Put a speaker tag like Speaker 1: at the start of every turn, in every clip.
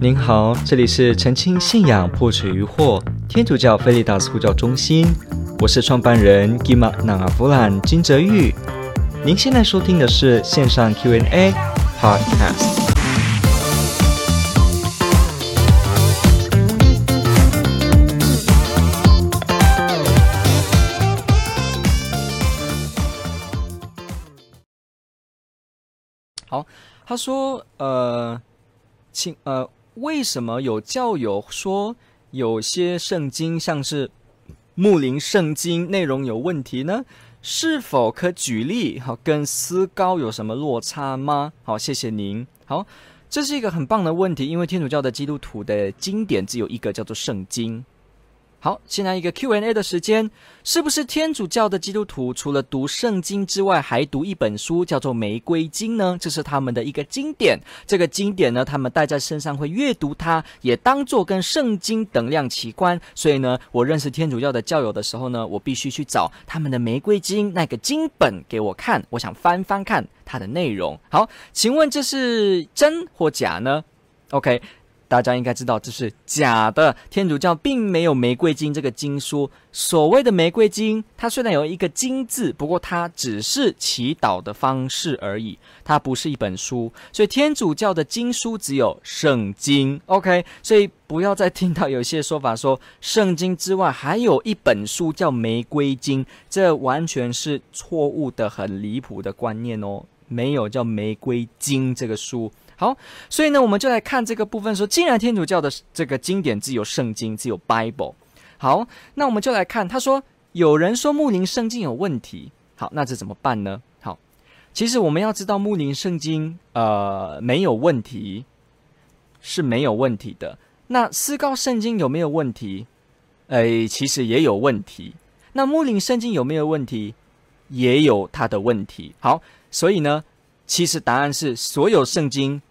Speaker 1: 您好，這裡是澄清信仰、破除疑惑天主教菲利達斯護教中心，我是創辦人 Kimat Nangavulan 金哲昱。您現在收聽的是線上 Q&A podcast。好，他說，呃，請，呃。為什麼有教友說有些聖經像是牧靈聖經內容有問題呢？是否可舉例？好，跟思高有什麼落差嗎？好，謝謝您。好，這是一個很棒的問題，因為天主教的基督徒的經典只有一個，叫做聖經。好，現在一個 Q&A 的時間，是不是天主教的基督徒除了讀聖經之外，還讀一本書叫做《玫瑰經》呢？這是他們的一個經典。這個經典呢，他們帶在身上會閱讀它，它也當做跟聖經等量齊觀。所以呢，我認識天主教的教友的時候呢，我必須去找他們的《玫瑰經》那個經本給我看，我想翻翻看它的內容。好，請問這是真或假呢？OK。大家應該知道這是假的，天主教並沒有《玫瑰經》這個經書。所謂的《玫瑰經》，它雖然有一個“經”字，不過它只是祈禱的方式而已，它不是一本書。所以天主教的經書只有《聖經》。OK，所以不要再聽到有些說法說《聖經》之外還有一本書叫《玫瑰經》，這完全是錯誤的、很離譜的觀念哦。沒有叫《玫瑰經》這個書。好，所以呢，我們就來看這個部分說，既然天主教的這個經典只有聖經，只有 Bible，好，那我們就來看，他說有人說牧靈聖經有問題，好，那這怎麼辦呢？好，其實我們要知道牧靈聖經呃沒有問題，是沒有問題的。那思高聖經有沒有問題？誒、哎，其實也有問題。那牧靈聖經有沒有問題？也有它的問題。好，所以呢，其實答案是所有聖經。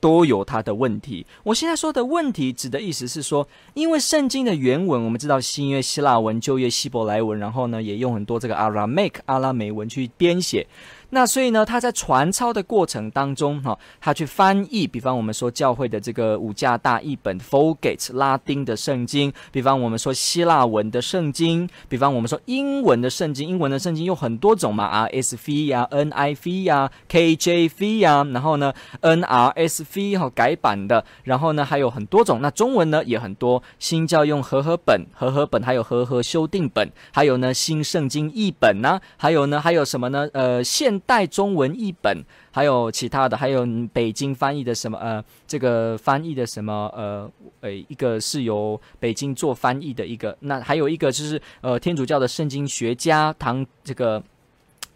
Speaker 1: 都有它的問題。我現在說的問題指的意思是說，因為聖經的原文我們知道新約希臘文、舊約希伯來文，然後呢，也用很多這個阿拉美克阿拉美文去編寫。那所以呢，他在傳抄的過程當中，哈、哦，他去翻譯，比方我們說教會的這個武加大譯本 Vulgate 拉丁的聖經，比方我們說希臘文的聖經，比方我們說英文的聖經。英文的聖經有很多種嘛，RSV、啊，R S V 呀，N I V 呀，K J V 呀，然後呢，N R S V 哈、哦、改版的，然後呢還有很多種。那中文呢也很多，新教用和合本，和合本還有和合修訂本，還有呢新聖經譯本呢、啊，還有呢還有什麼呢？呃現帶中文譯本，還有其他的，還有北京翻譯的什麼？呃，這個翻譯的什麼？呃，呃，一個是由北京做翻譯的一個，那還有一個就是呃，天主教的聖經學家唐這個。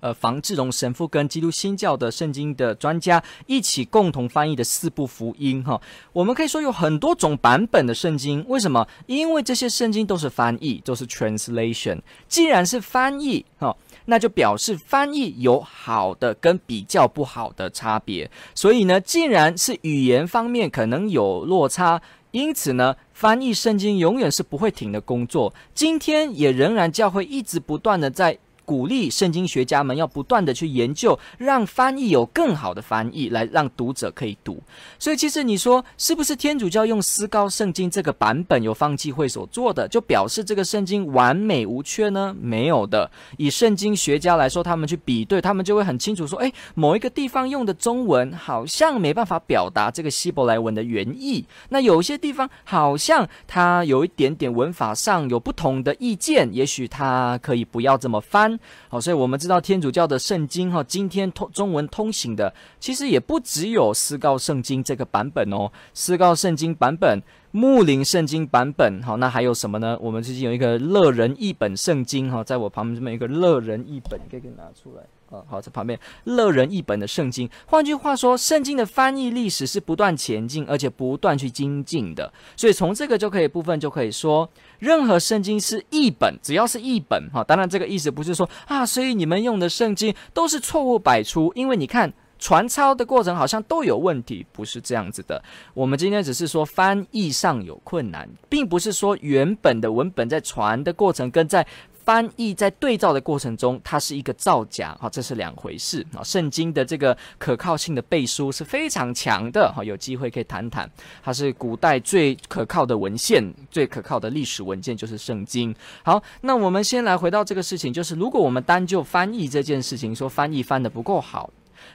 Speaker 1: 呃，房志榮神父跟基督新教的聖經的專家一起共同翻譯的四部福音，哈，我們可以說有很多種版本的聖經。為什麼？因為這些聖經都是翻譯，都是 translation。既然是翻譯，哈，那就表示翻譯有好的跟比較不好的差別。所以呢，既然是語言方面可能有落差，因此呢，翻譯聖經永遠是不會停的工作。今天也仍然教會一直不斷的在。鼓勵聖經學家們要不斷地去研究，讓翻譯有更好的翻譯來讓讀者可以讀。所以其實你說，是不是天主教用思高聖經這個版本有方濟會所做的，就表示這個聖經完美無缺呢？沒有的。以聖經學家來說，他們去比對，他們就會很清楚說，誒，某一個地方用的中文好像沒辦法表達這個希伯來文的原意。那有些地方好像它有一點點文法上有不同的意見，也許它可以不要這麼翻。好，所以我們知道天主教的聖經哈，今天通中文通行的其實也不只有思高聖經這個版本哦，思高聖經版本、牧靈聖經版本，好，那還有什麼呢？我們最近有一個樂仁譯本聖經哈，在我旁邊這麼一個樂仁譯本，可以給拿出來。啊，好，這旁邊，樂人譯本的聖經。換句話說，聖經的翻譯歷史是不斷前進，而且不斷去精進的。所以從這個就可以部分就可以說，任何聖經是譯本，只要是譯本，哈、哦，當然這個意思不是說啊，所以你們用的聖經都是錯誤百出，因為你看傳抄的過程好像都有問題，不是這樣子的。我們今天只是說翻譯上有困難，並不是說原本的文本在傳的過程跟在。翻譯在對照的過程中，它是一個造假，好、哦，這是兩回事啊、哦。聖經的這個可靠性的背書是非常強的，好、哦，有機會可以談談。它是古代最可靠的文獻，最可靠的歷史文件，就是聖經。好，那我們先來回到這個事情，就是如果我們單就翻譯這件事情說翻譯翻得不夠好，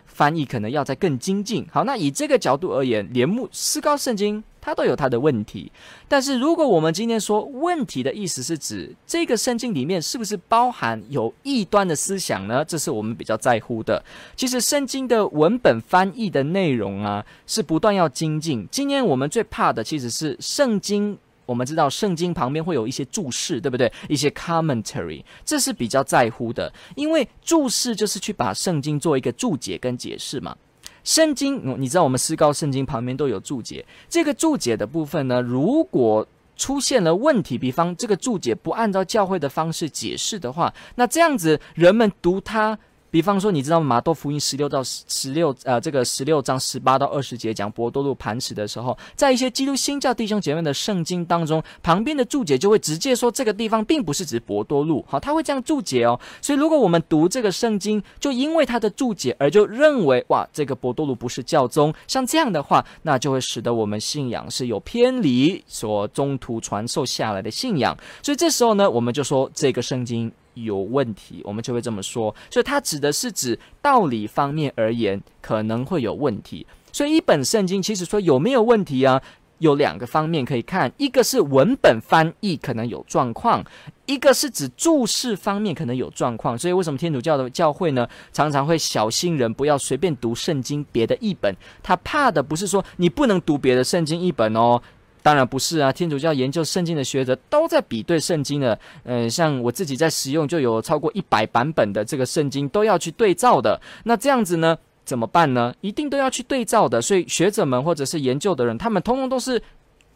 Speaker 1: 翻譯可能要再更精進。好，那以這個角度而言，連牧靈思高聖經。它都有它的問題，但是如果我們今天說問題的意思是指這個聖經裡面是不是包含有異端的思想呢？這是我們比較在乎的。其實聖經的文本翻譯的內容啊，是不斷要精進。今天我們最怕的其實是聖經，我們知道聖經旁邊會有一些註釋，對不對？一些 commentary，這是比較在乎的，因為註釋就是去把聖經做一個註解跟解釋嘛。聖經，你知道我們思高聖經旁邊都有注解。這個注解的部分呢，如果出現了問題，比方這個注解不按照教會的方式解釋的話，那這樣子人們讀它。比方說，你知道《瑪竇福音》十六到十六，呃，這個十六章十八到二十節講伯多祿磐石的時候，在一些基督新教弟兄姐妹的聖經當中，旁邊的注解就會直接說這個地方並不是指伯多祿。好，他會這樣注解哦。所以，如果我們讀這個聖經，就因為他的注解而就認為哇，這個伯多祿不是教宗。像這樣的話，那就會使得我們信仰是有偏離所中途傳授下來的信仰。所以這時候呢，我們就說這個聖經有問題，我們就會這麼說。所以它指的是指道理方面而言可能會有問題。所以一本聖經其實說有沒有問題啊？有兩個方面可以看，一個是文本翻譯可能有狀況，一個是指注釋方面可能有狀況。所以為什麼天主教的教會呢，常常會小心人不要隨便讀聖經別的譯本，他怕的不是說你不能讀別的聖經譯本哦。當然不是啊！天主教研究聖經的學者都在比對聖經的，呃、嗯，像我自己在使用就有超過一百版本的這個聖經都要去對照的。那這樣子呢，怎麼辦呢？一定都要去對照的。所以學者們或者是研究的人，他們通通都是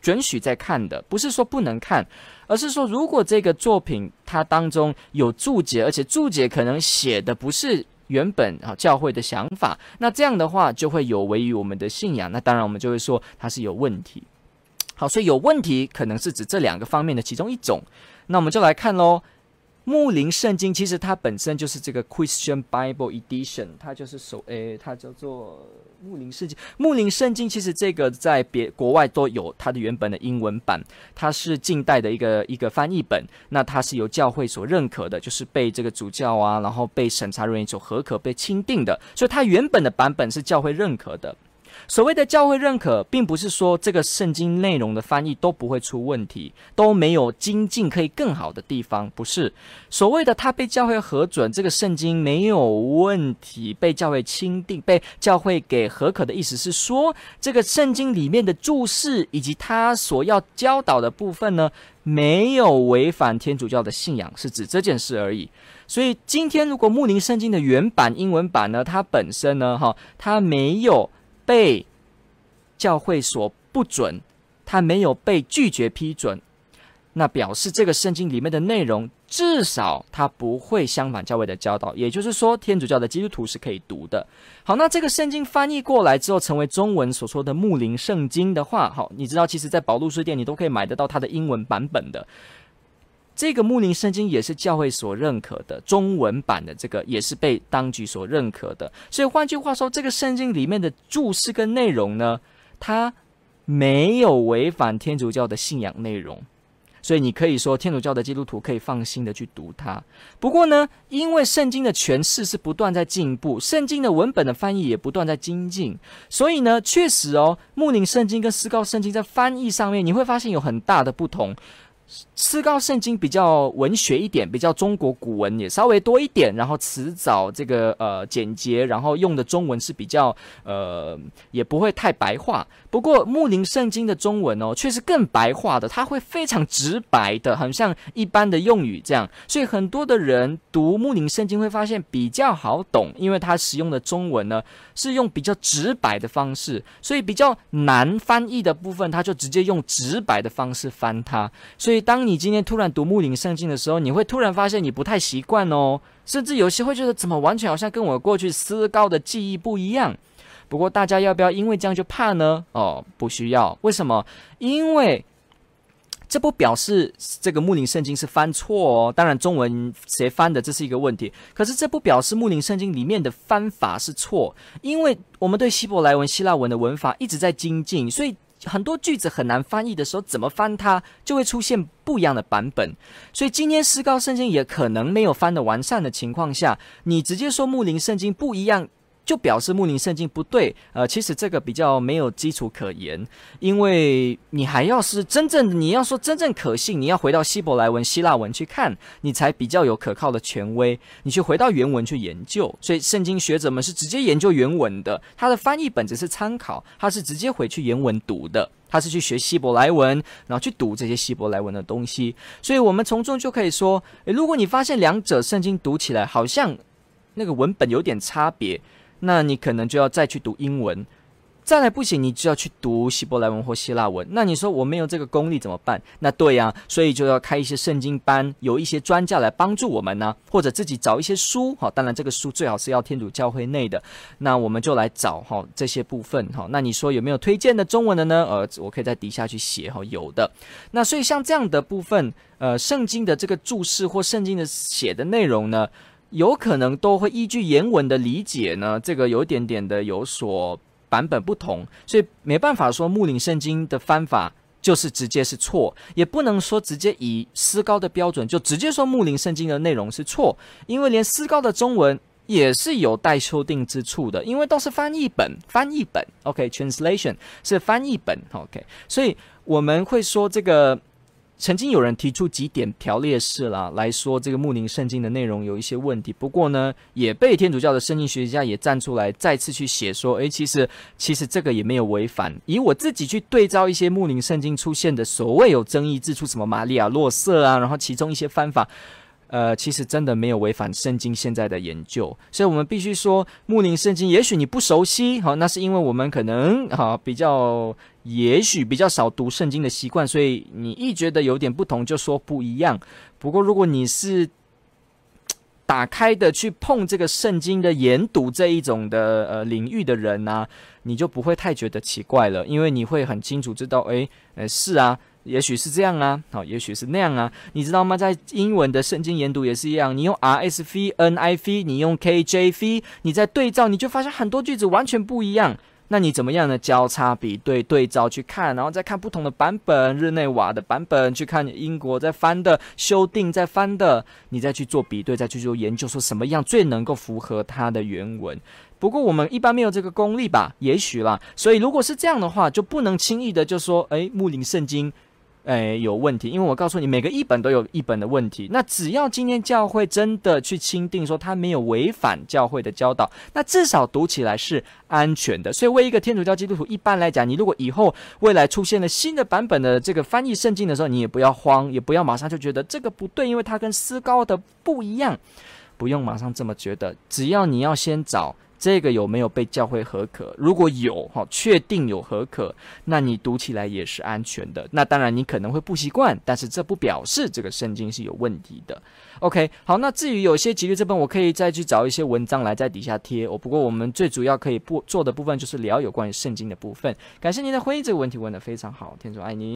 Speaker 1: 准許在看的，不是說不能看，而是說如果這個作品它當中有注解，而且注解可能寫的不是原本啊教會的想法，那這樣的話就會有違於我們的信仰。那當然我們就會說它是有問題。好，所以有問題可能是指這兩個方面的其中一種，那我們就來看嘍。牧靈聖經其實它本身就是這個 Christian Bible Edition，它就是首誒、哎，它叫做牧靈聖經。牧靈聖經其實這個在別國外都有它的原本的英文版，它是近代的一個一個翻譯本。那它是由教會所認可的，就是被這個主教啊，然後被審查人員所核可、被欽定的，所以它原本的版本是教會認可的。所謂的教會認可，並不是說這個聖經內容的翻譯都不會出問題，都沒有精進可以更好的地方，不是。所謂的他被教會核准，這個聖經沒有問題，被教會欽定，被教會給核可的意思是說，這個聖經裡面的注釋以及他所要教導的部分呢，沒有違反天主教的信仰，是指這件事而已。所以今天如果牧靈聖經的原版英文版呢，它本身呢，哈，它沒有。被教會所不准，他沒有被拒絕批准，那表示這個聖經裡面的內容至少他不會相反教會的教導，也就是說天主教的基督徒是可以讀的。好，那這個聖經翻譯過來之後成為中文所說的牧靈聖經的話，好，你知道其實在保祿書店你都可以買得到它的英文版本的。這個牧靈聖經也是教會所認可的，中文版的這個也是被當局所認可的。所以換句話說，這個聖經裡面的注釋跟內容呢，它沒有違反天主教的信仰內容。所以你可以說，天主教的基督徒可以放心的去讀它。不過呢，因為聖經的詮釋是不斷在進步，聖經的文本的翻譯也不斷在精進，所以呢，確實哦，牧靈聖經跟思高聖經在翻譯上面你會發現有很大的不同。思高聖經比較文學一點，比較中國古文也稍微多一點，然後詞藻這個呃簡潔，然後用的中文是比較呃也不會太白話。不過牧靈聖經的中文哦卻是更白話的，它會非常直白的，很像一般的用語這樣。所以很多的人讀牧靈聖經會發現比較好懂，因為它使用的中文呢是用比較直白的方式，所以比較難翻譯的部分，他就直接用直白的方式翻它，所以。所以當你今天突然讀牧靈聖經的時候，你會突然發現你不太習慣哦，甚至有些會覺得怎麼完全好像跟我過去思高的記憶不一樣。不過大家要不要因為這樣就怕呢？哦，不需要。為什麼？因為這不表示這個牧靈聖經是翻錯哦。當然，中文誰翻的這是一個問題，可是這不表示牧靈聖經裡面的翻法是錯，因為我們對希伯來文、希臘文的文法一直在精進，所以。很多句子很難翻譯的時候，怎麼翻它就會出現不一樣的版本。所以今天思高聖經也可能沒有翻的完善的情況下，你直接說牧靈聖經不一樣，就表示牧靈聖經不對，呃，其實這個比較沒有基礎可言，因為你還要是真正你要說真正可信，你要回到希伯來文、希臘文去看，你才比較有可靠的權威。你去回到原文去研究，所以聖經學者們是直接研究原文的，他的翻譯本只是參考，他是直接回去原文讀的，他是去學希伯來文，然後去讀這些希伯來文的東西。所以我們從中就可以說，誒，如果你發現兩者聖經讀起來好像那個文本有點差別。那你可能就要再去讀英文，再來不行，你就要去讀希伯來文或希臘文。那你說我沒有這個功力怎麼辦？那對呀、啊，所以就要開一些聖經班，有一些專家來幫助我們呢、啊，或者自己找一些書。好，當然這個書最好是要天主教會內的。那我們就來找哈、哦、這些部分哈、哦。那你說有沒有推薦的中文的呢？呃，我可以在底下去寫哈、哦、有的。那所以像這樣的部分，呃，聖經的這個注釋或聖經的寫的內容呢？有可能都會依據原文的理解呢，這個有一點點的有所版本不同，所以沒辦法說牧靈聖經的翻法就是直接是錯，也不能說直接以思高的標準就直接說牧靈聖經的內容是錯，因為連思高的中文也是有待修訂之處的，因為都是翻譯本，翻譯本，OK，translation、okay, 是翻譯本，OK，所以我們會說這個。曾經有人提出幾點條列式啦，來說這個牧靈聖經的內容有一些問題。不過呢，也被天主教的聖經學家也站出來，再次去寫說，誒、哎，其實其實這個也沒有違反。以我自己去對照一些牧靈聖經出現的所謂有爭議之處，制出什麼瑪利亞、啊、落色啊，然後其中一些翻法。呃，其實真的沒有違反聖經現在的研究，所以我們必須說牧靈聖經。也許你不熟悉，哦，那是因為我們可能，哦，比較，也許比較少讀聖經的習慣，所以你一覺得有點不同就說不一樣。不過如果你是打開的去碰這個聖經的研讀這一種的呃領域的人呢，啊，你就不會太覺得奇怪了，因為你會很清楚知道，哎，是啊。也許是這樣啊，好、哦，也許是那樣啊，你知道嗎？在英文的聖經研讀也是一樣，你用 RSV、NIV，你用 KJV，你在對照，你就發現很多句子完全不一樣。那你怎麼樣呢？交叉比對、對照去看，然後再看不同的版本，日內瓦的版本，去看英國在翻的、修訂在翻的，你再去做比對，再去做研究，說什麼樣最能夠符合它的原文。不過我們一般沒有這個功力吧？也許啦。所以如果是這樣的話，就不能輕易的就說，誒、欸，牧靈聖經。誒、哎，有問題，因為我告訴你，每個譯本都有譯本的問題。那只要今天教會真的去欽定說他沒有違反教會的教導，那至少讀起來是安全的。所以，為一個天主教基督徒，一般來講，你如果以後未來出現了新的版本的這個翻譯聖經的時候，你也不要慌，也不要馬上就覺得這個不對，因為它跟思高的不一樣，不用馬上這麼覺得。只要你要先找。這個有沒有被教會核可？如果有、哦、確定有核可，那你讀起來也是安全的。那當然你可能會不習慣，但是這不表示這個聖經是有問題的。OK，好，那至於有些幾率，這本我可以再去找一些文章來在底下貼。哦、不過我們最主要可以不做的部分就是聊有關於聖經的部分。感謝您的回應。這個問題問得非常好，天主愛你。